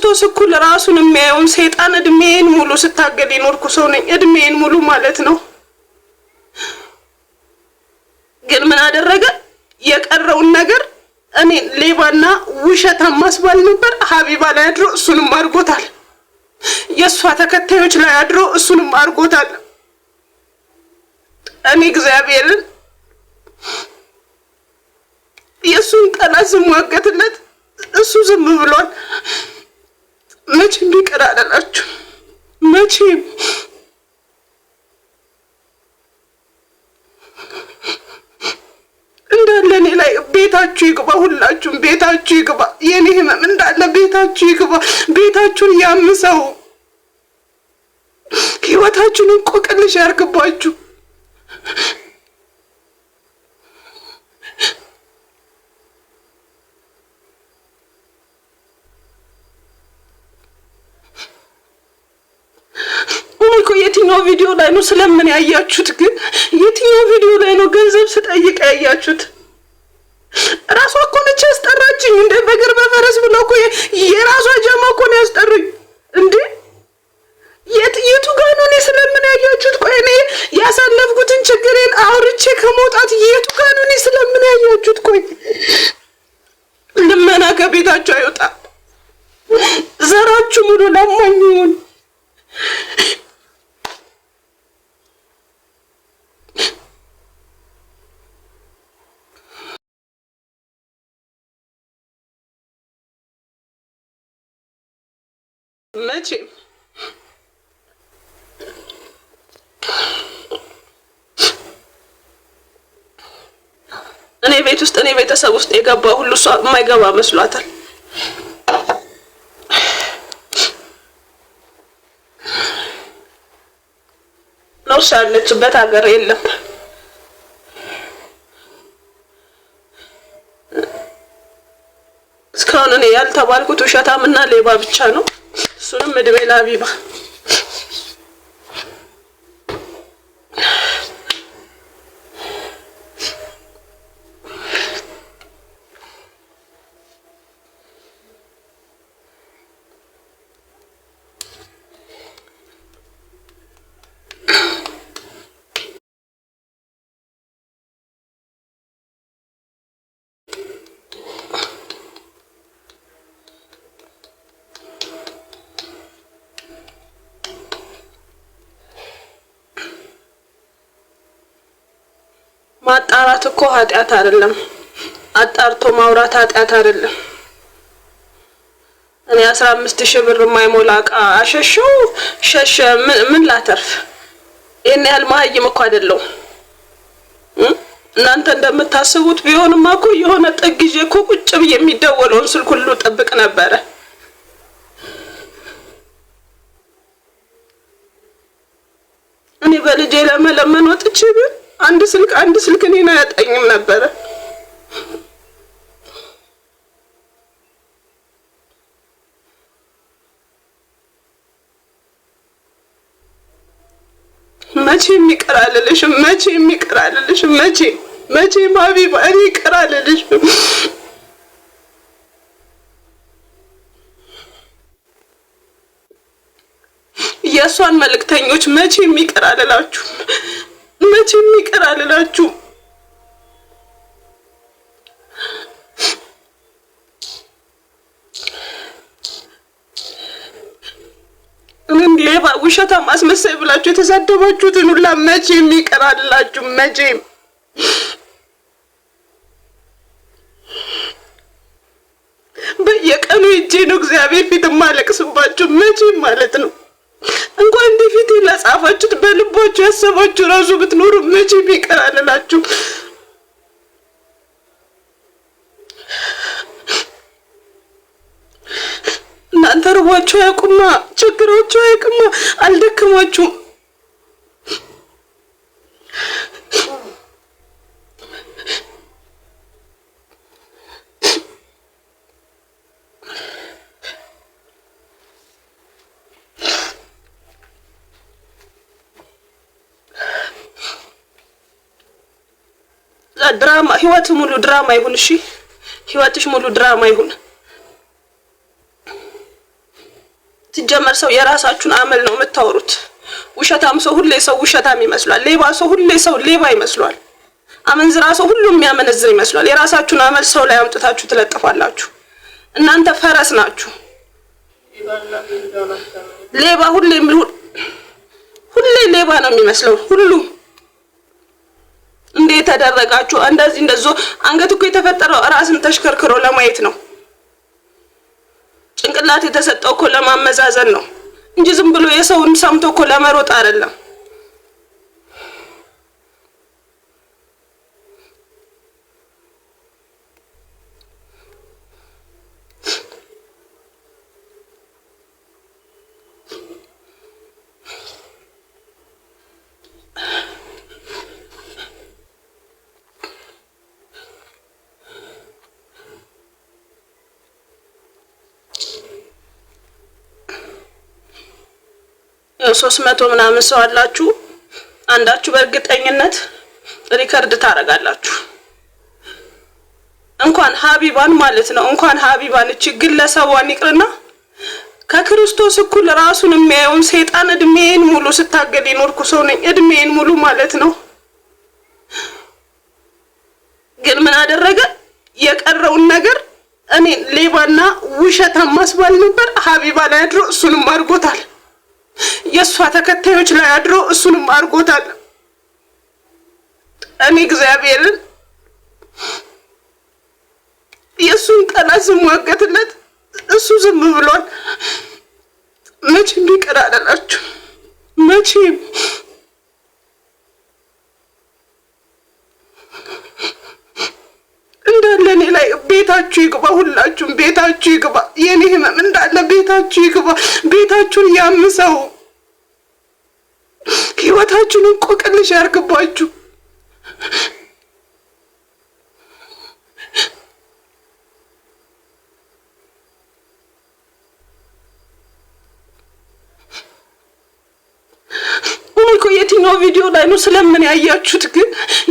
ክርስቶስ እኩል ራሱን የሚያየውን ሰይጣን እድሜን ሙሉ ስታገል የኖርኩ ሰው ነኝ። እድሜን ሙሉ ማለት ነው። ግን ምን አደረገ? የቀረውን ነገር እኔ ሌባና ውሸታም ማስባል ነበር። ሀቢባ ላይ አድሮ እሱንም አድርጎታል። የእሷ ተከታዮች ላይ አድሮ እሱንም አድርጎታል። እኔ እግዚአብሔርን የእሱን ጠላት ስሟገትለት እሱ ዝም ብሏል። መቼም ቢቀር አላላችሁ መቼም እንዳለ እኔ ላይ ቤታችሁ ይግባ፣ ሁላችሁም ቤታችሁ ይግባ። የኔ ህመም እንዳለ ቤታችሁ ይግባ። ቤታችሁን ያምሰው፣ ህይወታችሁን እንቆቅልሽ ያርግባችሁ። የትኛው ቪዲዮ ላይ ነው ስለምን ያያችሁት? ግን የትኛው ቪዲዮ ላይ ነው ገንዘብ ስጠይቅ ያያችሁት? ራሷ እኮ ነች ያስጠራችኝ። እንደ በግር በፈረስ ብለው እኮ የራሷ ጀማ እኮ ነው ያስጠሩኝ። እንዴ የት የቱ ጋር ነው እኔ ስለምን ያያችሁት? ቆይ እኔ ያሳለፍኩትን ችግሬን አውርቼ ከመውጣት የቱ ጋር ነው እኔ ስለምን ያያችሁት? ቆይ ልመና ከቤታቸው አይወጣ ዘራችሁ ሙሉ ለሙ መቼም እኔ ቤት ውስጥ እኔ ቤተሰብ ውስጥ የገባ ሁሉ እሷ የማይገባ መስሏታል። ነው እሷ ያለችበት ሀገር የለም። እስካሁን እኔ ያልተባልኩት ውሸታም እና ሌባ ብቻ ነው። እሱንም እድሜ ለአቢባ ማጣራት እኮ ኃጢአት አይደለም። አጣርቶ ማውራት ኃጢአት አይደለም። እኔ አስራ አምስት ሺህ ብር የማይሞላ እቃ አሸሸው ሸሸ ምን ላተርፍ? ይህን ያህል መሀይም እኮ አይደለው? እናንተ እንደምታስቡት ቢሆንማ እኮ የሆነ ጥግ ይዤ እኮ ቁጭ ብዬ የሚደወለውን ስልክ ሁሉ ጠብቅ ነበረ። እኔ በልጄ ለመለመን ወጥቼ አንድ ስልክ አንድ ስልክ እኔን አያጣኝም ነበረ። መቼ የሚቀር አልልሽም፣ መቼ የሚቀር አልልሽም፣ መቼ መቼ ሀቢባ እኔ ይቀር አልልሽም። የእሷን መልእክተኞች መቼ የሚቀር አልላችሁም። መቼም ይቅር አልላችሁም። ሌባ፣ ውሸታ አስመሳይ ብላችሁ የተሳደባችሁትን ሁላ መቼ ይቅር አልላችሁም። መቼም በየቀኑ እጄ ነው እግዚአብሔር ፊት ማለቅስባችሁ መቼም ማለት ነው። እንኳን እንደፊት ለጻፋችሁት በልባችሁ ያሰባችሁ ራሱ ብትኖሩ መቼ ቢቀር አልላችሁ። እናንተ ርቧችሁ አያውቁማ፣ ችግራችሁ አያውቅማ፣ አልደከማችሁም። ድራማ ህይወት ሙሉ ድራማ ይሁን። እሺ ህይወትሽ ሙሉ ድራማ ይሁን። ሲጀመር ሰው የራሳችሁን አመል ነው የምታወሩት። ውሸታም ሰው ሁሌ ሰው ውሸታም ይመስሏል። ሌባ ሰው ሁሌ ሰው ሌባ ይመስሏል። አመንዝራ ሰው ሁሉም የሚያመነዝር ይመስሏል። የራሳችሁን አመል ሰው ላይ አምጥታችሁ ትለጥፋላችሁ። እናንተ ፈረስ ናችሁ። ሌባ ሁሌ ሁሌ ሌባ ነው የሚመስለው ሁሉም እንዴት ተደረጋችሁ እንደዚህ እንደዞ አንገት እኮ የተፈጠረው ራስን ተሽከርክሮ ለማየት ነው። ጭንቅላት የተሰጠው እኮ ለማመዛዘን ነው እንጂ ዝም ብሎ የሰውን ሰምቶ እኮ ለመሮጥ አይደለም። ሶስት መቶ ምናምን ሰው አላችሁ። አንዳችሁ በእርግጠኝነት ሪከርድ ታደርጋላችሁ። እንኳን ሀቢባን ማለት ነው እንኳን ሀቢባን እቺ ግለሰቧን ይቅርና ከክርስቶስ እኩል ራሱን የሚያየውን ሰይጣን እድሜን ሙሉ ስታገል ይኖርኩ ሰው ነኝ። እድሜን ሙሉ ማለት ነው። ግን ምን አደረገ? የቀረውን ነገር እኔ ሌባና ውሸታም ማስባል ነበር ሀቢባ ላይ አድሮ እሱንም አድርጎታል። የእሷ ተከታዮች ላይ አድሮ እሱንም አድርጎታል። እኔ እግዚአብሔርን የእሱን ጠላት ስሟገትለት እሱ ዝም ብሏል። መቼም ይቅር አላላችሁ መቼም እንዳለ እኔ ላይ ቤታችሁ ይግባ፣ ሁላችሁም ቤታችሁ ይግባ። የኔ ህመም እንዳለ ቤታችሁ ይግባ። ቤታችሁን ያምሰው። ሁለታችሁን እንቆቅልሽ ያርግባችሁ። የትኛው ቪዲዮ ላይ ነው ስለምን ያያችሁት? ግን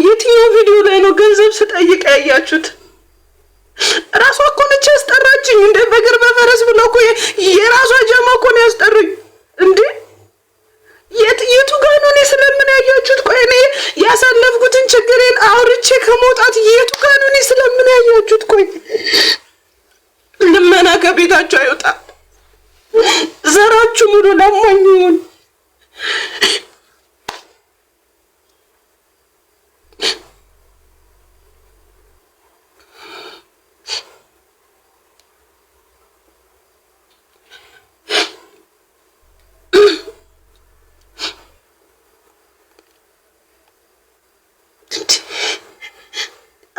የትኛው ቪዲዮ ላይ ነው ገንዘብ ስጠይቅ ያያችሁት? ራሷ እኮ ነች ያስጠራችኝ። እንደ በግር በፈረስ ብሎ እኮ የራሷ ጀማ እኮ ነው ያስጠሩኝ። ከመውጣት የቱ ጋር ነው? ስለምን ያያችሁት? ቆይ ልመና ከቤታቸው አይወጣ ዘራችሁ ሙሉ ለማኝ ይሁን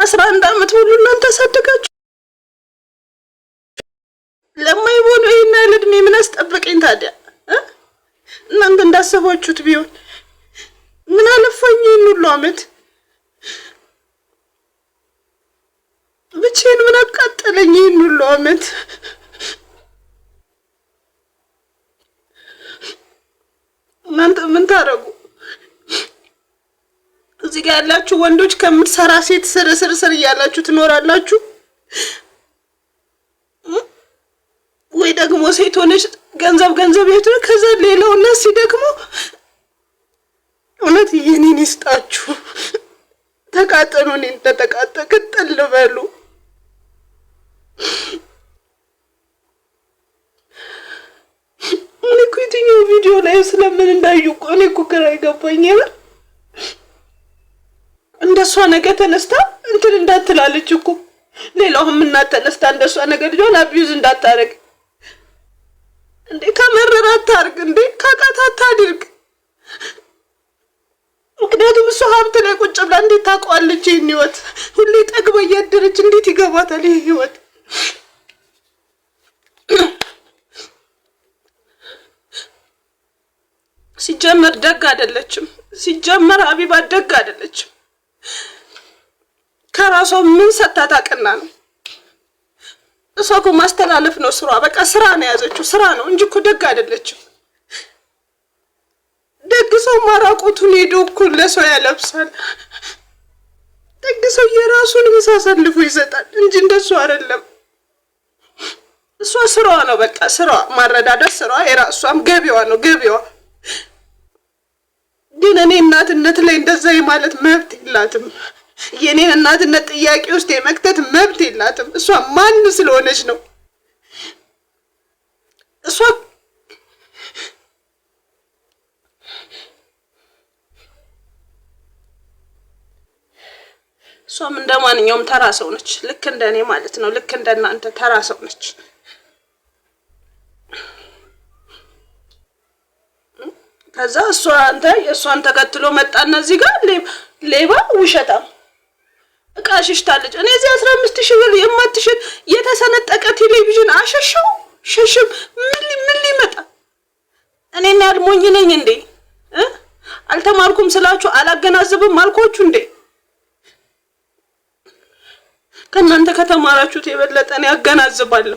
አስራ አንድ አመት ሙሉ እናንተ አሳደጋችሁ ለማይሆን ይህን ያህል እድሜ ምን አስጠበቀኝ ታዲያ? እናንተ እንዳሰባችሁት ቢሆን ምን አለፋኝ ይህን ሁሉ አመት ብቻዬን ምን አቃጠለኝ ይህን ሁሉ አመት እናንተ ምን ታረጉ? እዚህ ጋር ያላችሁ ወንዶች ከምትሰራ ሴት ስር ስር ስር እያላችሁ ትኖራላችሁ፣ ወይ ደግሞ ሴት ሆነች ገንዘብ ገንዘብ የት ከዛ ሌላው ነሲ ደግሞ እውነት ይህንን ይስጣችሁ። ተቃጠሉ፣ እኔ እንደተቃጠልኩ ቅጥል በሉ። እኔ እኮ የትኛው ቪዲዮ ላይ ስለምን እንዳዩ እኮ እኔ እኮ ግራ ይገባኝ እንደሷ ነገ ተነስታ እንትን እንዳትላለች እኮ ሌላውም እናት ተነስታ እንደሷ ነገ ልጇን አቢዩዝ እንዳታረግ እንዴ፣ ከመረር አታርግ እንዴ፣ ከቃት አታድርግ። ምክንያቱም እሷ ሀብት ላይ ቁጭ ብላ እንዴት ታውቀዋለች ይህን ህይወት? ሁሌ ጠግበ እያደረች እንዴት ይገባታል ይህ ህይወት? ሲጀመር ደግ አይደለችም። ሲጀመር ሀቢባ ደግ አይደለችም። ከራሷ ምን ሰታታቅና ነው? እሷ እኮ ማስተላለፍ ነው ስሯ። በቃ ስራ ነው የያዘችው፣ ስራ ነው እንጂ እኮ ደግ አይደለችም። ደግ ሰው ማራቆቱን ሄዶ እኮ ለሰው ያለብሳል። ደግ ሰው የራሱን ምሳ አሳልፎ ይሰጣል እንጂ እንደሱ አይደለም። እሷ ስራዋ ነው በቃ ስራዋ፣ ማረዳዳት ስራዋ፣ የራሷም ገቢዋ ነው ገቢዋ ግን እኔ እናትነት ላይ እንደዛ የማለት መብት የላትም። የእኔን እናትነት ጥያቄ ውስጥ የመክተት መብት የላትም። እሷ ማን ስለሆነች ነው? እሷ እሷም እንደ ማንኛውም ተራ ሰው ነች። ልክ እንደ እኔ ማለት ነው። ልክ እንደ እናንተ ተራ ሰው ነች። ከዛ እሷ አንተ የእሷን ተከትሎ መጣና እዚህ ጋር ሌባ ውሸታም እቃ ሽሽታለች። እኔ እዚህ አስራ አምስት ሺህ ብር የማትሽጥ የተሰነጠቀ ቴሌቪዥን አሸሸው ሸሽም ምን ምን ሊመጣ እኔና ያልሞኝ ነኝ እንዴ? አልተማርኩም ስላችሁ አላገናዘብም አልኳችሁ እንዴ? ከእናንተ ከተማራችሁት የበለጠ እኔ አገናዝባለሁ።